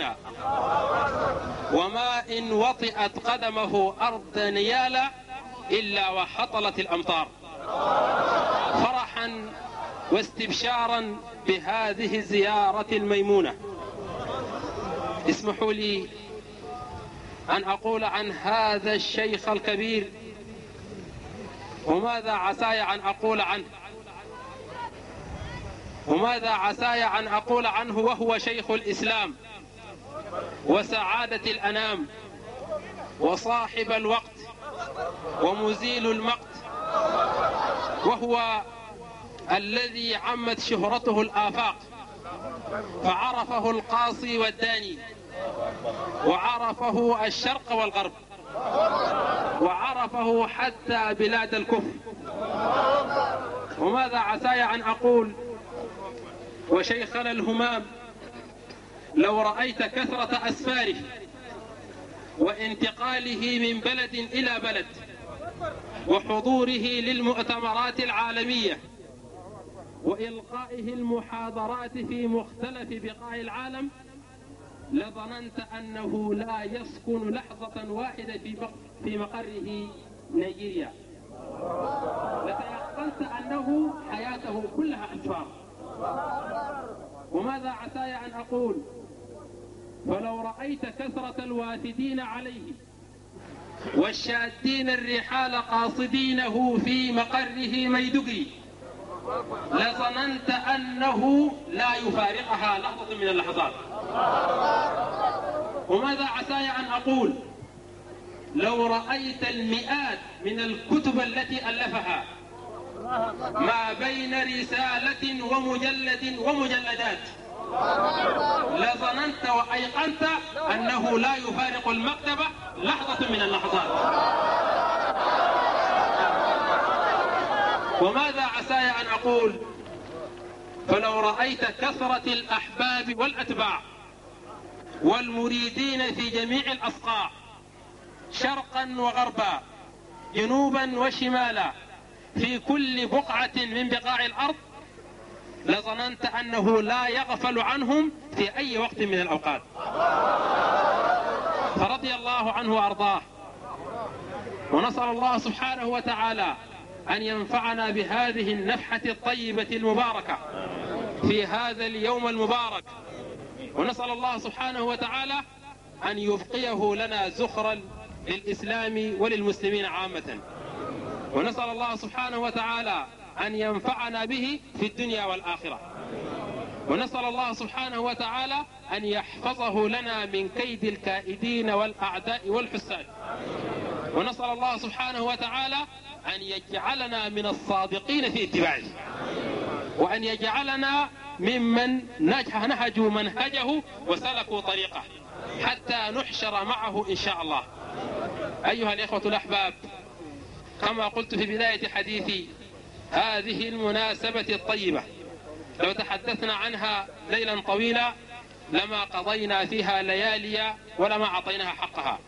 منا وما إن وطئت قدمه أرض نيالة إلا وحطلت الأمطار فرحا واستبشارا بهذه الزيارة الميمونة اسمحوا لي أن أقول عن هذا الشيخ الكبير وماذا عساي أن أقول عنه وماذا عساي أن أقول عنه وهو شيخ الإسلام وسعادة الأنام وصاحب الوقت ومزيل المقت وهو الذي عمت شهرته الآفاق فعرفه القاصي والداني وعرفه الشرق والغرب وعرفه حتى بلاد الكفر وماذا عساي أن أقول وشيخنا الهمام لو رأيت كثرة أسفاره وانتقاله من بلد إلى بلد وحضوره للمؤتمرات العالمية وإلقائه المحاضرات في مختلف بقاع العالم لظننت أنه لا يسكن لحظة واحدة في في مقره نيجيريا لتيقنت أنه حياته كلها أسفار وماذا عساي أن أقول ولو رأيت كثرة الوافدين عليه والشادين الرحال قاصدينه في مقره ميدقي لظننت أنه لا يفارقها لحظة من اللحظات وماذا عساي أن أقول لو رأيت المئات من الكتب التي ألفها ما بين رسالة ومجلد ومجلدات لظننت وأيقنت أنه لا يفارق المكتبة لحظة من اللحظات وماذا عساي أن أقول فلو رأيت كثرة الأحباب والأتباع والمريدين في جميع الأصقاع شرقا وغربا جنوبا وشمالا في كل بقعة من بقاع الأرض لظننت أنه لا يغفل عنهم في أي وقت من الأوقات فرضي الله عنه وأرضاه ونسأل الله سبحانه وتعالى أن ينفعنا بهذه النفحة الطيبة المباركة في هذا اليوم المبارك ونسأل الله سبحانه وتعالى أن يبقيه لنا زخرا للإسلام وللمسلمين عامة ونسأل الله سبحانه وتعالى أن ينفعنا به في الدنيا والآخرة ونسأل الله سبحانه وتعالى أن يحفظه لنا من كيد الكائدين والأعداء والحساد ونسأل الله سبحانه وتعالى أن يجعلنا من الصادقين في اتباعه وأن يجعلنا ممن نجح نهجوا منهجه وسلكوا طريقه حتى نحشر معه إن شاء الله أيها الإخوة الأحباب كما قلت في بداية حديثي هذه المناسبة الطيبة لو تحدثنا عنها ليلا طويلا لما قضينا فيها ليالي ولما أعطيناها حقها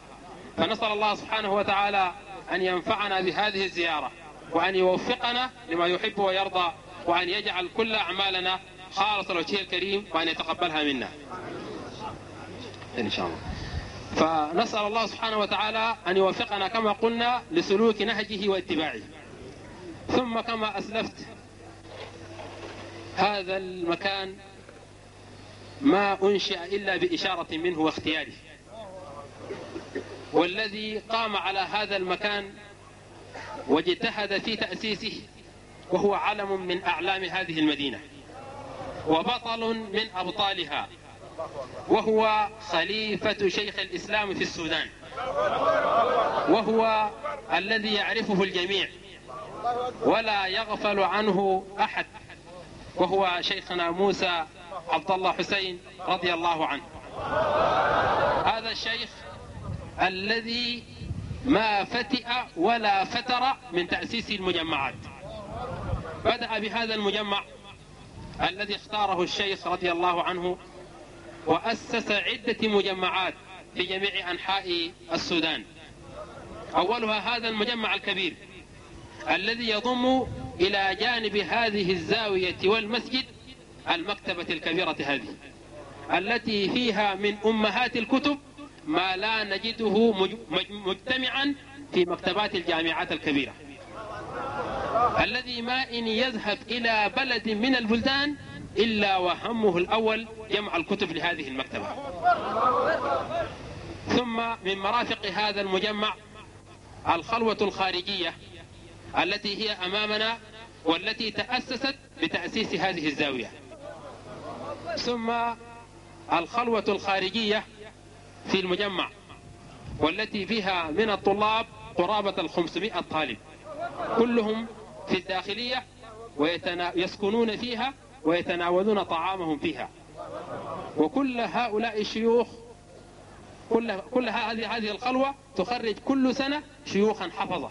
فنسأل الله سبحانه وتعالى أن ينفعنا بهذه الزيارة وأن يوفقنا لما يحب ويرضى وأن يجعل كل أعمالنا خالصة لوجهه الكريم وأن يتقبلها منا إن شاء الله فنسأل الله سبحانه وتعالى أن يوفقنا كما قلنا لسلوك نهجه واتباعه ثم كما أسلفت هذا المكان ما أنشئ إلا بإشارة منه واختياره والذي قام على هذا المكان واجتهد في تأسيسه وهو علم من أعلام هذه المدينة وبطل من أبطالها وهو خليفة شيخ الإسلام في السودان وهو الذي يعرفه الجميع ولا يغفل عنه أحد وهو شيخنا موسى عبد الله حسين رضي الله عنه هذا الشيخ الذي ما فتئ ولا فتر من تأسيس المجمعات بدأ بهذا المجمع الذي اختاره الشيخ رضي الله عنه وأسس عدة مجمعات في جميع أنحاء السودان أولها هذا المجمع الكبير الذي يضم إلى جانب هذه الزاوية والمسجد المكتبة الكبيرة هذه التي فيها من أمهات الكتب ما لا نجده مجتمعا في مكتبات الجامعات الكبيرة الذي ما إن يذهب إلى بلد من البلدان إلا وهمه الأول جمع الكتب لهذه المكتبة ثم من مرافق هذا المجمع الخلوة الخارجية التي هي أمامنا والتي تأسست بتأسيس هذه الزاوية ثم الخلوة الخارجية في المجمع والتي فيها من الطلاب قرابة الخمسمائة طالب كلهم في الداخلية ويسكنون فيها ويتناولون طعامهم فيها وكل هؤلاء الشيوخ كل, كل هذه الخلوة تخرج كل سنة شيوخا حفظه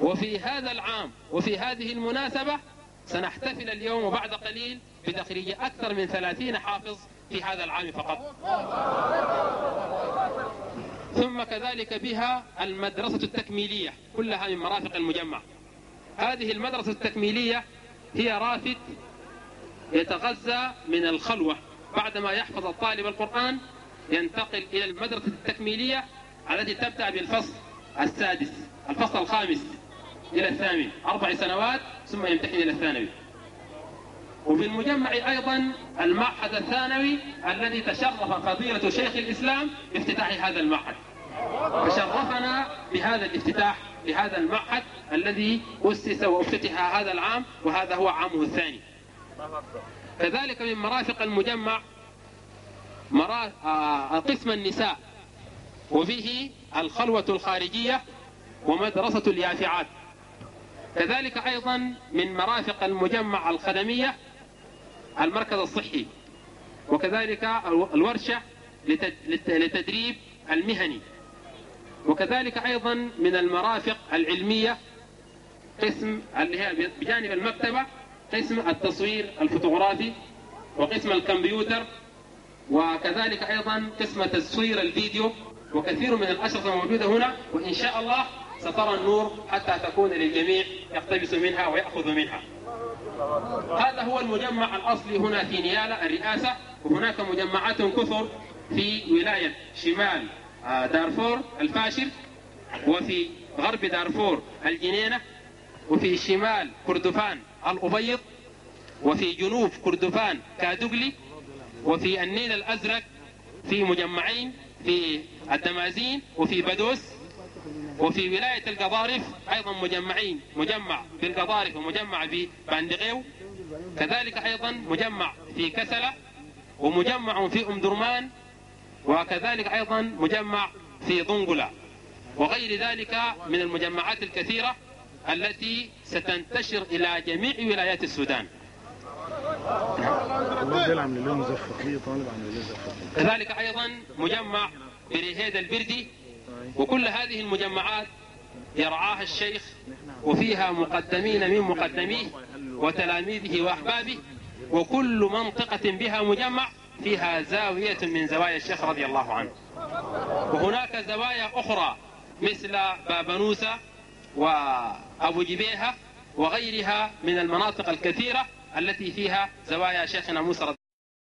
وفي هذا العام وفي هذه المناسبة سنحتفل اليوم بعد قليل بتخريج أكثر من ثلاثين حافظ في هذا العام فقط ثم كذلك بها المدرسة التكميلية كلها من مرافق المجمع هذه المدرسة التكميلية هي رافد يتغذى من الخلوة بعدما يحفظ الطالب القرآن ينتقل إلى المدرسة التكميلية التي تبدأ بالفصل السادس الفصل الخامس إلى الثامن أربع سنوات ثم يمتحن إلى الثانوي وفي المجمع أيضا المعهد الثانوي الذي تشرف فضيلة شيخ الإسلام بافتتاح هذا المعهد فشرفنا بهذا الافتتاح لهذا المعهد الذي أسس وافتتح هذا العام وهذا هو عامه الثاني كذلك من مرافق المجمع آه، قسم النساء وفيه الخلوة الخارجية ومدرسة اليافعات كذلك أيضا من مرافق المجمع الخدمية المركز الصحي وكذلك الورشة للتدريب المهني وكذلك أيضا من المرافق العلمية قسم اللي هي بجانب المكتبة قسم التصوير الفوتوغرافي وقسم الكمبيوتر وكذلك أيضا قسم تصوير الفيديو وكثير من الأشرطة موجودة هنا وإن شاء الله سترى النور حتى تكون للجميع يقتبس منها ويأخذ منها هذا هو المجمع الأصلي هنا في نيالا الرئاسة وهناك مجمعات كثر في ولاية شمال آه، دارفور الفاشل وفي غرب دارفور الجنينة وفي شمال كردفان الأبيض وفي جنوب كردفان كادوغلي وفي النيل الأزرق في مجمعين في الدمازين وفي بدوس وفي ولاية القبارف أيضا مجمعين مجمع في القبارف ومجمع في كذلك أيضا مجمع في كسلة ومجمع في أم درمان وكذلك أيضا مجمع في ضنقلة وغير ذلك من المجمعات الكثيرة التي ستنتشر إلى جميع ولايات السودان كذلك أيضا مجمع بريهيد البردي وكل هذه المجمعات يرعاها الشيخ وفيها مقدمين من مقدميه وتلاميذه وأحبابه وكل منطقة بها مجمع فيها زاوية من زوايا الشيخ رضي الله عنه وهناك زوايا أخرى مثل بابنوسة وأبو جبيهة وغيرها من المناطق الكثيرة التي فيها زوايا شيخنا موسى رضي